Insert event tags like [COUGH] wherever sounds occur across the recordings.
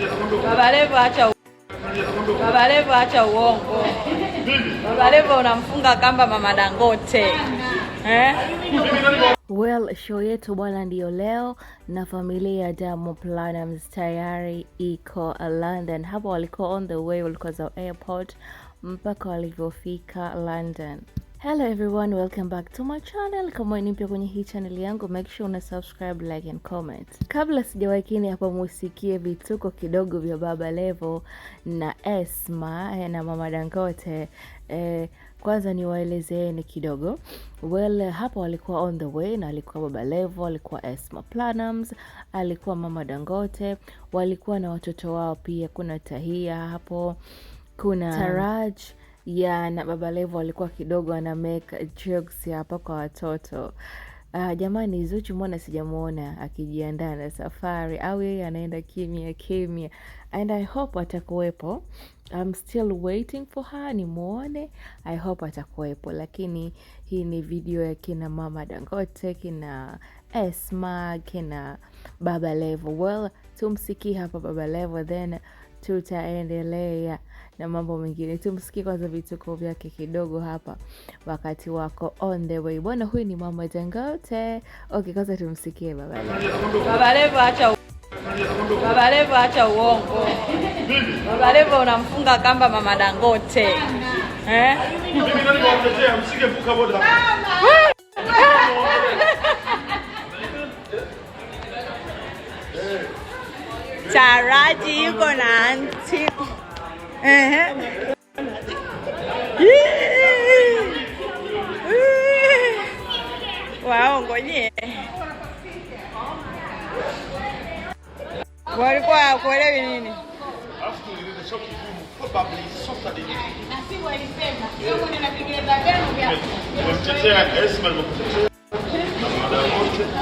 Baba Levo acha Baba Levo acha uongo. Baba Levo unamfunga kamba Mama Dangote eh? Well, show yetu bwana ndiyo leo na familia ya Diamond Platnumz tayari iko London. Hapo walikuwa on the way, walikuwa za airport mpaka walivyofika London. Hello everyone, welcome back to my channel. Kama ni mpya kwenye hii channel yangu, make sure una subscribe, like and comment. Kabla sijawahi kini hapa, musikie vituko kidogo vya Baba Levo na Esma eh, na Mama Dangote. Eh, kwanza niwaelezeeni kidogo. Well, hapa walikuwa on the way na alikuwa Baba Levo, alikuwa Esma Planums, alikuwa Mama Dangote, walikuwa na watoto wao pia. Kuna Tahia hapo, kuna Taraj ya na Baba Levo alikuwa kidogo ana make jokes hapa kwa watoto. Uh, jamani Zuchu mbona sijamuona akijiandaa na safari au yeye anaenda kimya kimya, and I hope atakuwepo. I'm still waiting for her nimuone. I hope atakuwepo, lakini hii ni video ya kina mama Dangote, kina Esma, kina Baba Levo. Well, tumsikii hapa Baba Levo then tutaendelea na mambo mengine. Tumsikie kwanza vituko vyake kidogo hapa wakati wako on the way. Bwana huyu ni Mama Dangote. Okay, kwanza tumsikie baba. Baba Levo acha uongo. Baba Levo unamfunga kamba Mama Dangote. Eh? Taraji yuko na anti. Ehe. Uh-huh. Waongoje walikuwa hawakuelewi nini?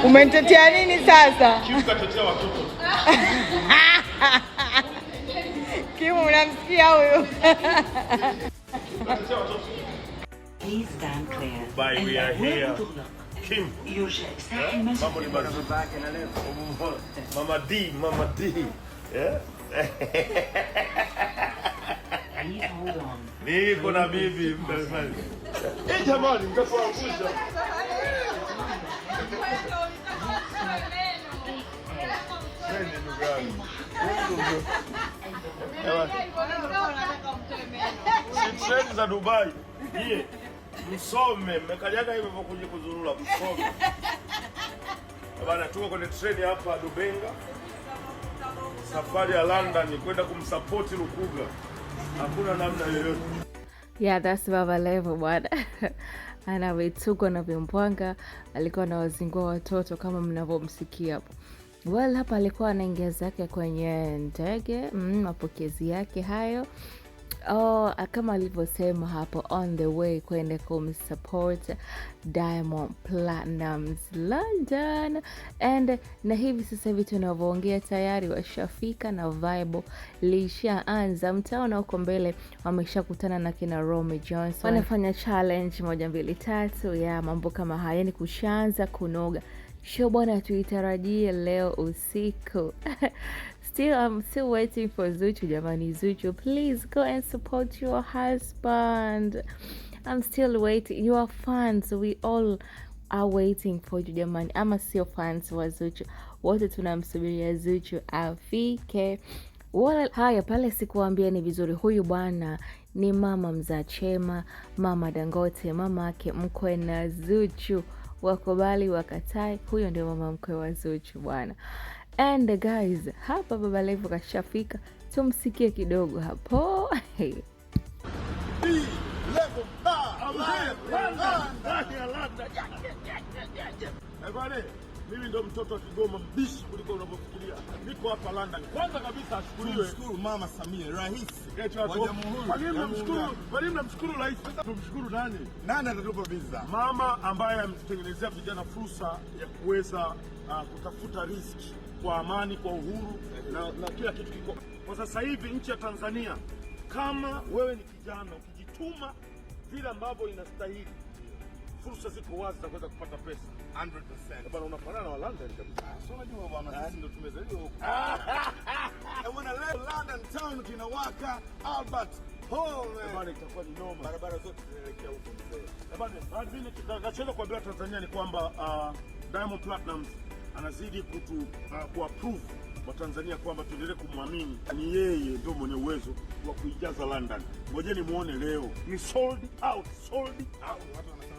Umenitetea nini sasa? [LAUGHS] kiume, unamsikia huyu? Eh? Eh? [LAUGHS] Niko na bibi eh, jamani, mkapoangusha Chemchemi za Dubai. Je, msome mmekanyaga hivyo kwa kuja kuzurura msome. Bana tuko kwenye treni hapa Dubenga. Safari ya London kwenda kumsupport Lukuga. Hakuna namna yoyote. Yeah, that's Baba Levo bwana. ana Anavitukwa na vimbwanga, alikuwa anawazingua watoto kama mnavyomsikia hapo. Well, hapa alikuwa anaingia zake kwenye ndege mm, mapokezi yake hayo oh, kama alivyosema hapo on the way kwende kumsupport Diamond Platnumz London and na hivi sasa hivi tunavyoongea tayari washafika na vibe lishaanza. Mtaona huko mbele wameshakutana na kina Romy Johnson wanafanya challenge moja mbili tatu ya mambo kama haya, ni kushaanza kunoga show bwana, tuitarajie leo usiku. [LAUGHS] Still, I'm still waiting for Zuchu jamani. Zuchu, please go and support your husband. I'm still waiting. Your fans, we all are waiting for you jamani, ama sio? Fans wa Zuchu wote tunamsubiria Zuchu afike. haya pale, sikuambia ni vizuri. Huyu bwana ni mama mzaa Chema, mama Dangote, mama mkwe na Zuchu wakubali wakatae, huyo ndio mama mkwe wa Zuchu bwana. And guys, hapa Baba Levo kashafika, tumsikie kidogo hapo mimi ndo mtoto wa Kigoma mbishi kuliko unavyofikiria. Niko hapa London. Kwanza kabisa ashukuriwe. Mshukuru Mama Samia, eh, rais wa Jamhuri. Kwa nini mnamshukuru rais? Tumshukuru nani? Nani atatupa visa? Mama ambaye amtengenezea vijana fursa ya kuweza uh, kutafuta riziki kwa amani, kwa uhuru na, na kila kitu kiko. Kwa sasa hivi nchi ya Tanzania kama wewe ni kijana ukijituma vile ambavyo inastahili fursa ziko wazi za kuweza kupata pesa 100%. Eh, bwana unafanana na London kabisa. Ah, Sio unajua bwana eh, sisi ndio tumezaliwa huko. Na [LAUGHS] eh, bwana leo London town kinawaka Albert Hall. Itakuwa ni noma. Barabara zote zinaelekea huko mzee. Bwana mimi nachoweza kuambia Tanzania ni kwamba ah, Diamond Platnumz anazidi kutu uh, wa Tanzania kwamba tuendelee kumwamini, ni yeye ndio mwenye uwezo wa kuijaza London. Ngoje ni muone leo, ni sold out, sold out.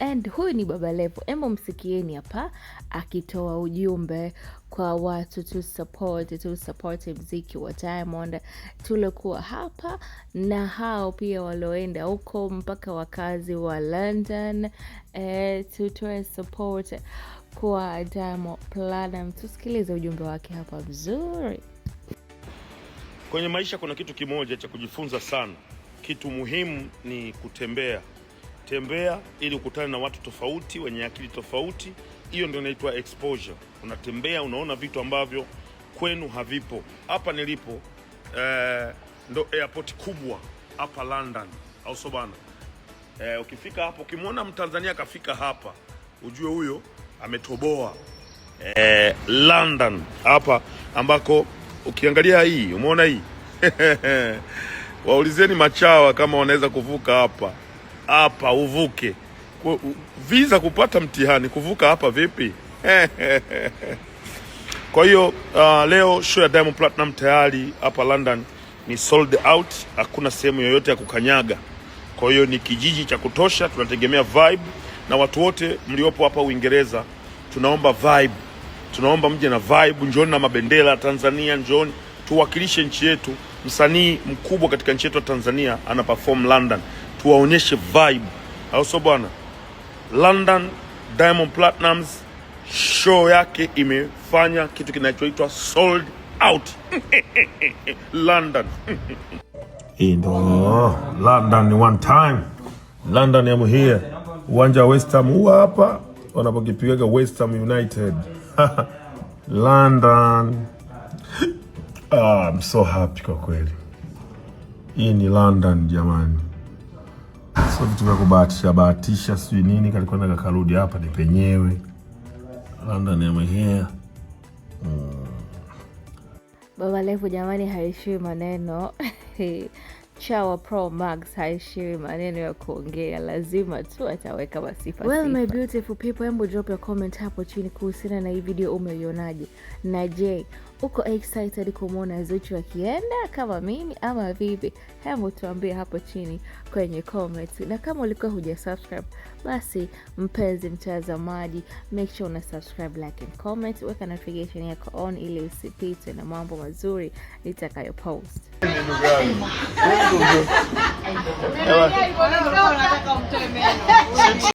And huyu ni Baba Levo, embo msikieni hapa akitoa ujumbe kwa watu tu support, tu support mziki wa Diamond tuliokuwa hapa na hao pia walioenda huko mpaka wakazi wa London. E, eh, tutoe support kwa Diamond Platnumz. Tusikilize ujumbe wake hapa vizuri. Kwenye maisha kuna kitu kimoja cha kujifunza sana, kitu muhimu ni kutembea tembea ili ukutane na watu tofauti wenye akili tofauti. Hiyo ndio inaitwa exposure. Unatembea unaona vitu ambavyo kwenu havipo. Hapa nilipo eh, ndo airport kubwa hapa London, au sio bana? Eh, ukifika hapo ukimwona Mtanzania akafika hapa ujue huyo ametoboa eh, London hapa ambako ukiangalia hii umeona hii [LAUGHS] waulizeni machawa kama wanaweza kuvuka hapa hapa uvuke. Visa kupata mtihani, kuvuka hapa vipi? [LAUGHS] Kwa hiyo uh, leo show ya Diamond Platinum tayari hapa London ni sold out, hakuna sehemu yoyote ya kukanyaga. Kwa hiyo ni kijiji cha kutosha, tunategemea vibe, na watu wote mliopo hapa Uingereza tunaomba vibe, tunaomba mje na vibe, njooni na mabendera Tanzania, njooni tuwakilishe nchi yetu. Msanii mkubwa katika nchi yetu ya Tanzania ana perform London tuwaonyeshe vibe, au sio bwana? London Diamond Platnumz show yake imefanya kitu kinachoitwa sold out [LAUGHS] London [LAUGHS] Indo, London one time London am here, uwanja wa West Ham huwa hapa wanapokipigaga West Ham United [LAUGHS] London. Ah, I'm so happy kwa kweli, hii ni London jamani sasa vitu vya kubahatisha bahatisha, sijui nini, kalikwenda kakarudi. Hapa ni penyewe London ya mwenyewe mm. Baba Levo jamani, haishiwi maneno [LAUGHS] Chawa Pro Max haishiwi maneno ya kuongea, lazima tu ataweka masifa. Well, my beautiful people, hebu drop your comment hapo chini kuhusiana na hii video umeionaje, na je uko excited kumwona Zuchu akienda kama mimi ama vipi? Hebu tuambie hapo chini kwenye comment. na kama ulikuwa huja subscribe, basi mpenzi mtazamaji, make sure una subscribe, like and comment, weka notification yako on ili usipitwe na mambo mazuri nitakayo post. [LAUGHS] [LAUGHS]